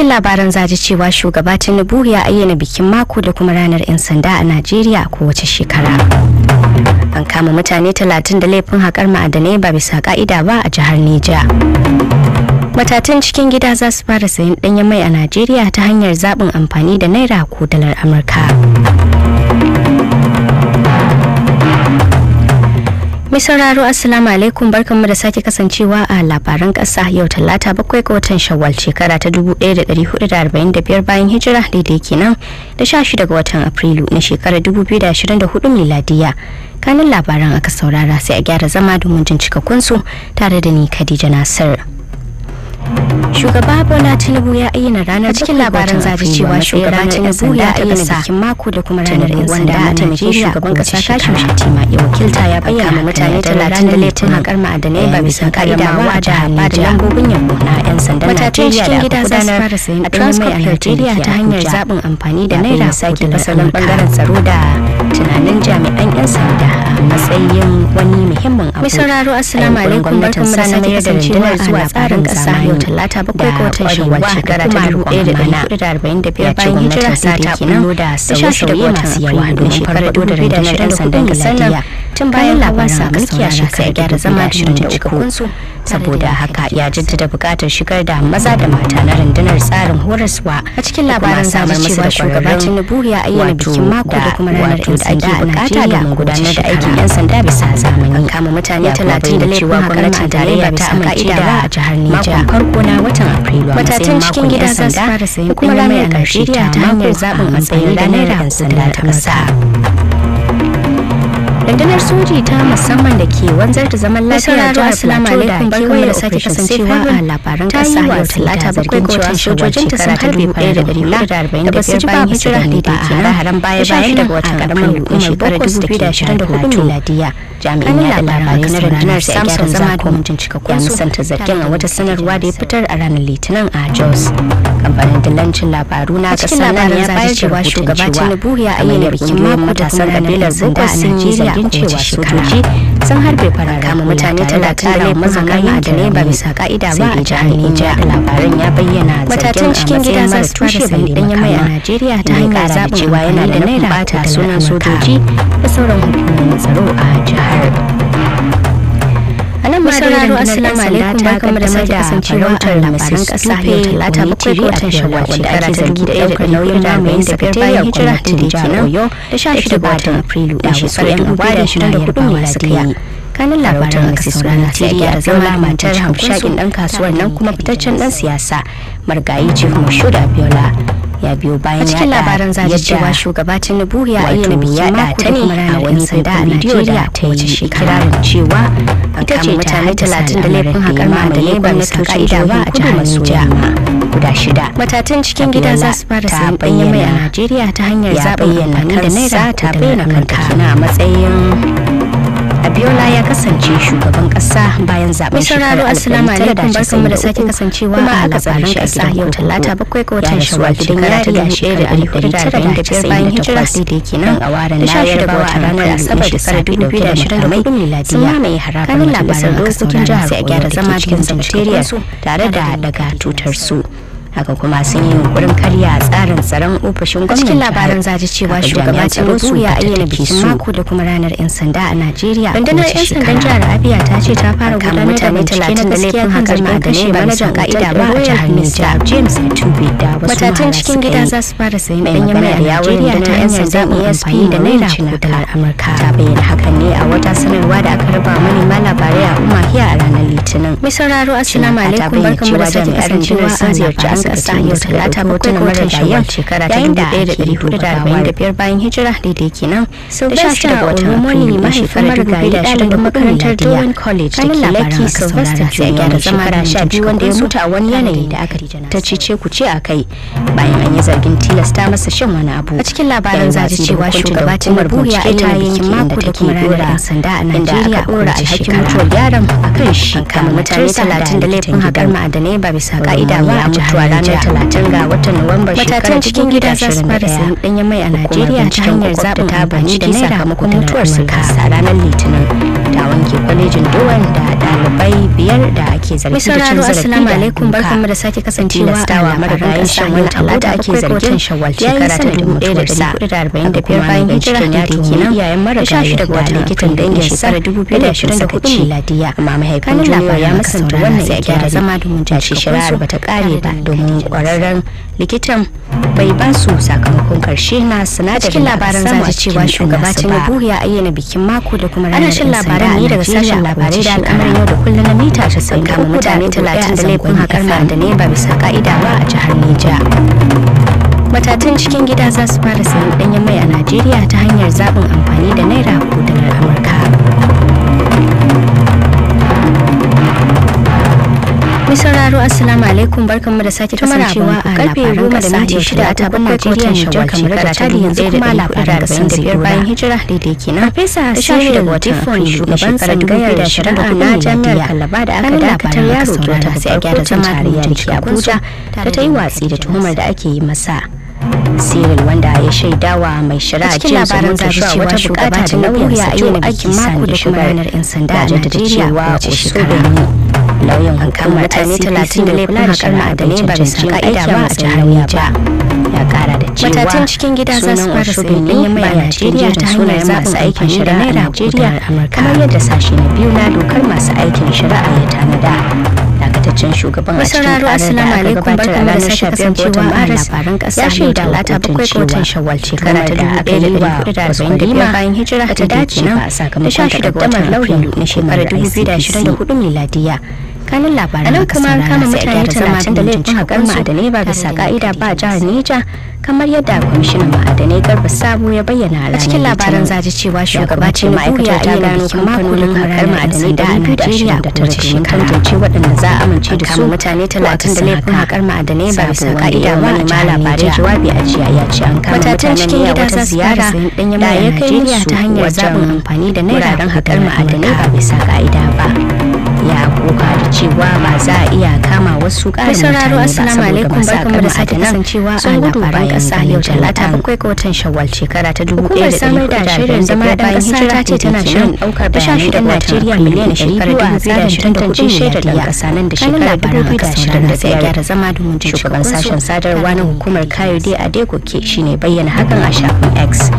cikin labaran zaji cewa shugaba tinubu ya ayyana bikin mako da kuma ranar 'yan sanda a najeriya kowace shekara an kama mutane talatin da laifin haƙar ma'adanai ba bisa ka'ida ba a jihar Nija. matatan cikin gida za su fara sayan ɗanyen mai a najeriya ta hanyar zaɓin amfani da naira ko dalar amurka Mai sauraro Assalamu alaikum barkanmu da sake kasancewa a labaran ƙasa yau talata bakwai ga watan Shawwal shekara ta 1445 bayan hijira daidai kenan da 16 ga watan Afrilu na shekarar 2024 miladiya. Kanin labaran aka saurara sai a gyara zama domin jin cikakkun tare da ni Khadija Nasir. shugaba bola tinubu ya ayyana ranar cikin labarin zaji cewa shugaba tinubu ya ayyana bikin mako da kuma ranar yin sanda a taimakin shugaban kasa kashim ma ya wakilta ya bayyana mutane talatin da laifin hakar ma'adanai ba bisa ka'ida ba a jihar ba da lambobin yabo na yan sanda na cikin gida za su fara sayan ɗanyen mai a nigeria ta hanyar zaɓin amfani da naira sake fasalin bangaren tsaro da tunanin jami'an yan sanda a matsayin wani muhimmin abu. Mai sauraro assalamu alaikum barkan mu da sake kasancewa a tsarin kasa yau talata bakwai ga watan shawwal shekara ta dubu ɗaya da ɗari hudu da arba'in da biyar bayan hijira sa ta bullo da sauye-sauye masu yawa domin farfaɗo da rundunar 'yan sandan kasar tun bayan labarin mulki a shekara gyara zama da shirin da uku saboda haka ya jaddada bukatar shigar da maza da mata na rundunar tsarin horaswa a cikin labarin samar cewa shugaban tinubu ya ayyana bikin mako da kuma ranar da ake bukata da gudanar da aikin yan sanda bisa zamani ya kama mutane talatin da cewa gwamnatin tarayya ta amince da a jihar Nijar makon farko na watan Afrilu matatan cikin gida za su fara sayan kuma ranar karshe ta hanyar zaɓin matsayin ranar yan sanda ta kasa. Dandanar soji ta musamman da ke wanzar da zaman lafiya ta jihar Plateau da kewaye da sake kasancewa a labaran kasa yau talata bakwai ga watan sojojin ta sun harbe ɗaya da ɗari da arba'in da biyar bayan hijira da ke a haren baya bayan daga wata karamar hukumar Boko da ke ashirin da hudu miladiya. jami'an ya labarai na rundunar Samson zama da mutum cikakkun musanta zargin a wata sanarwa da ya fitar a ranar Litinin a Jos. Kamfanin dillancin labaru na kasa nan ya bayar cewa shugaba Tinubu a ayyana bikin mako da sun kabilar Boko a nigeria. zargin cewa sojoji sun harbe farar kama mutane talatin da mazauna ma'adanai ba bisa ka'ida ba a jihar nija labarin ya bayyana matatan cikin gida za su tushe bai danya mai a Najeriya ta hanyar zaɓin cewa yana da naira bata sunan sojoji da sauran hukumomin tsaro a jihar. a nan masauraro assalamu alaikum barkamu da sake kasancewa a labaran kasa yau talata bakwai ga watan shawwal wanda ake zargi da ɗaukar nauyin mamayin ya hijira ta jihar oyo da sha shida ga watan afrilu da shekarar yan biyu da ashirin da hudu ne suka yi kanin labaran kasuwa na tiriya a zama matar hamshakin dan kasuwar nan kuma fitaccen dan siyasa margayi chief mushuda biola ya biyo bayan ya cikin labaran zaji cewa shugaba Tinubu ya ayyana bikin mako da kuma ranar wani sanda a Najeriya ta yi kirarin cewa an kama mutane talatin da laifin hakan ma'adanai ba na ka'ida ba a jihar Nijar. guda shida. Matatan cikin gida za su fara sayan ɗanyen mai a Najeriya ta hanyar zaɓen amfani da naira ta bayyana kanka. Suna matsayin abiola ya kasance shugaban kasa bayan zaben shekarar Asalamu alaikum barkamu da sake kasancewa kuma aka shi kasa yau talata bakwai ga watan shawwal gidan yari da shi da alhuri da tara da bayan hijira sai da yake nan a waren na ya rabawa a ranar asabar da sarar dubu biyu da ashirin da hudu miladiya sun mamaye harabar labarin dokokin jihar sai a gyara zama cikin sanatoriya tare da daga tutar su haka kuma sun yi yunkurin karya tsarin tsaron ofishin gwamnati cikin labarin zaji cewa shugaban tinubu ya ayyana bikin mako da kuma ranar yan sanda a najeriya rundunar yan sandan jihar abia ta ce ta fara gudanar da bincike na gaskiya kan zargin kashe manajan ka'ida ba a jihar nijar james tube da wasu matatan cikin gida za su fara sayan ɗan yamma a najeriya ta yan sanda e amfani da naira ko dalar amurka ta bayyana hakan ne a wata sanarwa da aka raba manema labarai a umahiya a ranar litinin mai sauraro assalamu alaikum barkamu da sake kasancewa a ziyarci aka yau talata mutum mara shawar shekara ta dubu ɗaya da ɗari hudu da arba'in da biyar bayan hijira daidai kenan da sha shida ga watan afrilu na shekara da ashirin da makarantar dowen college da ke laki sylvester sai gyara zama da sha biyu wanda ya mutu a wani yanayi da aka ta cece ku ce a kai bayan an yi zargin tilasta masa shan wani abu a cikin labarin zaji cewa shugaba tinubu ya aita yankin mako da kuma ranar sanda a najeriya ɗora alhakin mutuwar yaron a kan shi kama mutane talatin da laifin hagar ma'adanai ba bisa ka'ida ba a mutuwa ranar talatin ga watan nuwamba shekarar cikin gida za su fara sayan ɗanyen mai a najeriya ta hanyar zaɓin amfani da sakamakon mutuwar suka ranar litinin ta wanke kwalejin dowan da dalibai biyar da ake zargi da cin zarafi da duka alaikum barkanmu da sake kasancewa a labarin shan wani talata ake zargin shawwal shekara ta dubu ɗaya da ɗari kuɗi da arba'in da biyar bayan hijira da yake nan yayin mara da wata likitan dangin shekara dubu biyu da ashirin da hudu miladiya amma mahaifin juniya ya musanta wannan ya gyara zama domin jashi shirar bata kare ba domin kwararren likitan bai ba su sakamakon karshe na sinadarin da labarin zaji cewa shugaba tinubu ya ayyana bikin mako da kuma ranar 'yan da ne daga sashen labarai da al'amarin yau da kullum na mita 90 kama mutane talatin da laifin da ne ba bisa ka'ida ba a jihar Nija. matatan cikin gida za su fara sayan ɗanyen mai a najeriya ta hanyar zaɓin amfani da naira ko dalar amurka Mai sauraro Assalamu alaikum barkanmu da sake kasancewa a karfe goma da minti shida a tabin Najeriya Nijar kamar da tali yanzu kuma labaran da biyar bayan hijira daidai kenan. Farfesa shirin da fon shugaban tsangayar da shari'a na jami'ar Kalaba da aka dakatar ya roƙi wata sai a gyara zama a yanki Abuja da ta yi watsi da tuhumar da ake yi masa. sirin wanda ya shaidawa mai a cikin labarin shi wata bukata ta lauya a yi aikin mako da shugabanar ranar 'yan sanda a a wacce shekara. an kama mutane talatin da laifin haƙar ma'adanai ba bisa ka'ida ba a jihar Niger. Ya kara da cewa matatan cikin gida za su fara sabbin ɗanyen Najeriya ta hanyar zaɓin aikin shari'a a Najeriya kamar yadda sashe na biyu na dokar masu aikin shari'a ya tanada. dakataccen shugaban a cikin karar da aka gabatar a ranar sha biyar ga watan labaran kasa ya shaida lata bakwai ga watan shawwal shekara ta dubu ɗaya da dubu hudu da arba'in da biyar bayan hijira ta dace nan da sha shida ga watan lauri na shekarar dubu biyu da ashirin da hudu miladiya kanin labaran nan kuma kama mutane talatin da laifin haƙar ma'adanai ba bisa ka'ida ba a jihar Neja kamar yadda kwamishinan ma'adanai garba sabo ya bayyana a cikin labaran zaji cewa shugaba ce ma'aikatar ta gano kamfanonin hakan ma'adanai da a Najeriya da ta ce tantance waɗanda za a amince da su mutane talatin da laifin haƙar ma'adanai ba bisa ka'ida ba ne ma labarai jawabi a jiya ya ce an kama mutane cikin gida za ziyara da ya kai ta hanyar zaɓin amfani da naira don haƙar ma'adanai ba bisa ka'ida ba. cewa ba za a iya kama wasu ƙarin mutane ba saboda masu akama a nan sun a bayan ƙasa yau talata bakwai ga watan shawwal shekara ta dubu ɗaya da ɗari da shirin zama da ƙasa ta ce tana shirin ɗaukar bayanai da Najeriya miliyan shekarar dubu biyu da shirin da kuɗin shaidar da ƙasa nan da shekara dubu biyu da ashirin da zai gyara zama domin shugaban sashen sadarwa na hukumar Kayode Adegoke shine bayyana hakan a shafin X.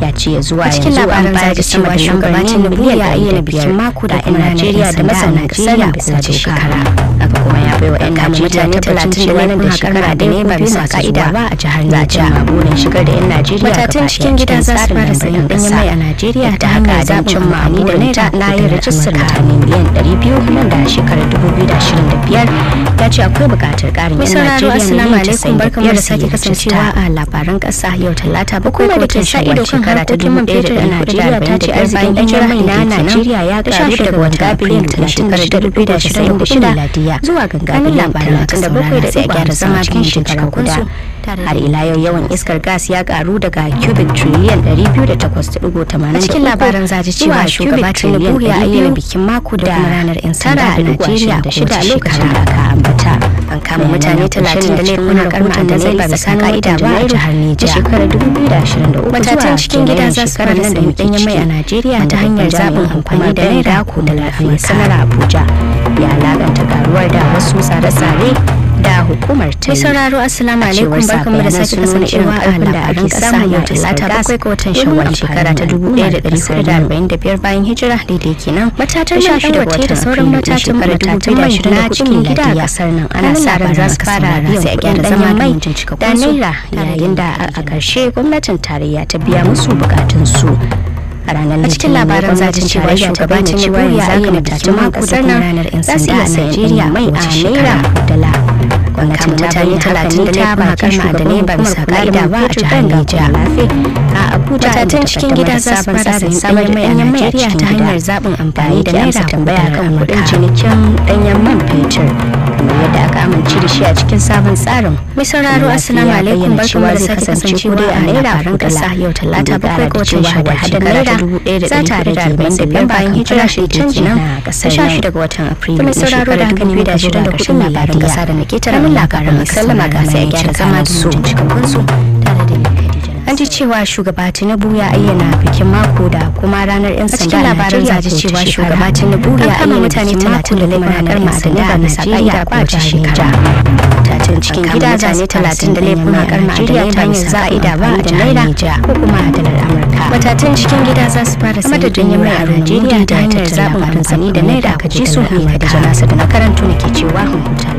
ya ce ya zuwa yanzu an bayar da sama da lambar ne miliyan ɗari da biyar mako da 'yan Najeriya da mazauna ƙasar da bisa shekara. Haka kuma ya bai wa 'yan Najeriya tabbatin da nan da shekara da ne ba bisa ka'ida ba a jihar Niger. a burin shigar da 'yan Najeriya gaba ɗaya cikin gidan za su fara sayan ɗanyen mai a Najeriya ta haka a zaɓin ma'ani da naira na yin rajistar mutane miliyan 200 nan da shekarar 2025 ya ce akwai buƙatar ƙarin 'yan Najeriya miliyan 95 barkamu da sake kasancewa a labaran ƙasa yau talata bakwai da ke sa kan shekara ta dubu ɗaya da ɗari hudu da arba'in da biyar bayan hijirar Najeriya ya karu daga wata biliyan talatin da shekarar da zuwa ganga biliyan talatin da bakwai da a gyara zama cikin shekara guda. har ila yau yawan iskar gas ya karu daga cubic trillion 208.83 cikin labaran zaji cewa shugaba trillion ya ayyana bikin mako da kuma ranar 'yan sanda a Najeriya da shida lokacin da aka ambata an kama mutane 30 da laifunan karma da zai ba bisa ka'ida ba a jihar Nijar shekarar 2023 matatan cikin gida za su fara da mutanyen mai a Najeriya ta hanyar zaɓin amfani da naira ko da lafiya sanar Abuja ya alaƙanta karuwar da wasu tsare-tsare da hukumar ta yi sauraro assalamu alaikum barkamu da sake kasan cewa a labaran kasa yau talata bakwai ga watan shawwal shekara ta dubu ɗaya da ɗari hudu da arba'in da biyar bayan hijira daidai kenan matatan sha shida wata da sauran matatan mai matatan mai na cikin gida a kasar nan ana sa ran za su fara biyan a gyara zama mai da naira yayin da a ƙarshe gwamnatin tarayya ta biya mm. musu bukatunsu. su a cikin labaran za ta cewa shugaban tinubu ya ayyana bikin mako da ranar 'yan sanda a najeriya mai a naira dala an kama mutane talatin da laifin haƙar ma'adanai ba bisa ka'ida ba a jihar Neja. A Abuja cikin gida za su fara da samar mai a Najeriya ta hanyar zaɓin amfani da naira tambaya kan kuɗin cinikin ɗanyen man fetur. kamar yadda aka amince da shi a cikin sabon tsarin mai sauraro assalamu alaikum barkamu da sake kasancewa a naira faran kasa yau talata bakwai ga watan shawar shekara ta dubu ɗaya da ɗari tara da arba'in da biyar bayan hijira shi canji na ƙasar sha shida daga watan afrilu mai sauraro da dubu da don da kuɗin labarin kasa da na ketare labarin sallama ga sai a gyara zama da su cikakkun su ji cewa shugaba Tinubu ya ayyana bikin mako da kuma ranar 'yan sanda a labarin ji cewa shugaba Tinubu ya ayyana mutane talatin da laifin hakar ma'adana a bisa ƙa'ida ko wace shekara. Tatin cikin gida mutane talatin da laifin ranar ma'adana ta hanyar za a ida ba a Naira ko kuma a dalar Amurka. Matatan cikin gida za su fara sama da dunya mai a Najeriya ta hanyar zaɓin amfani da Naira ka ji su hanyar da jana da na karanto ne ke cewa hukunta.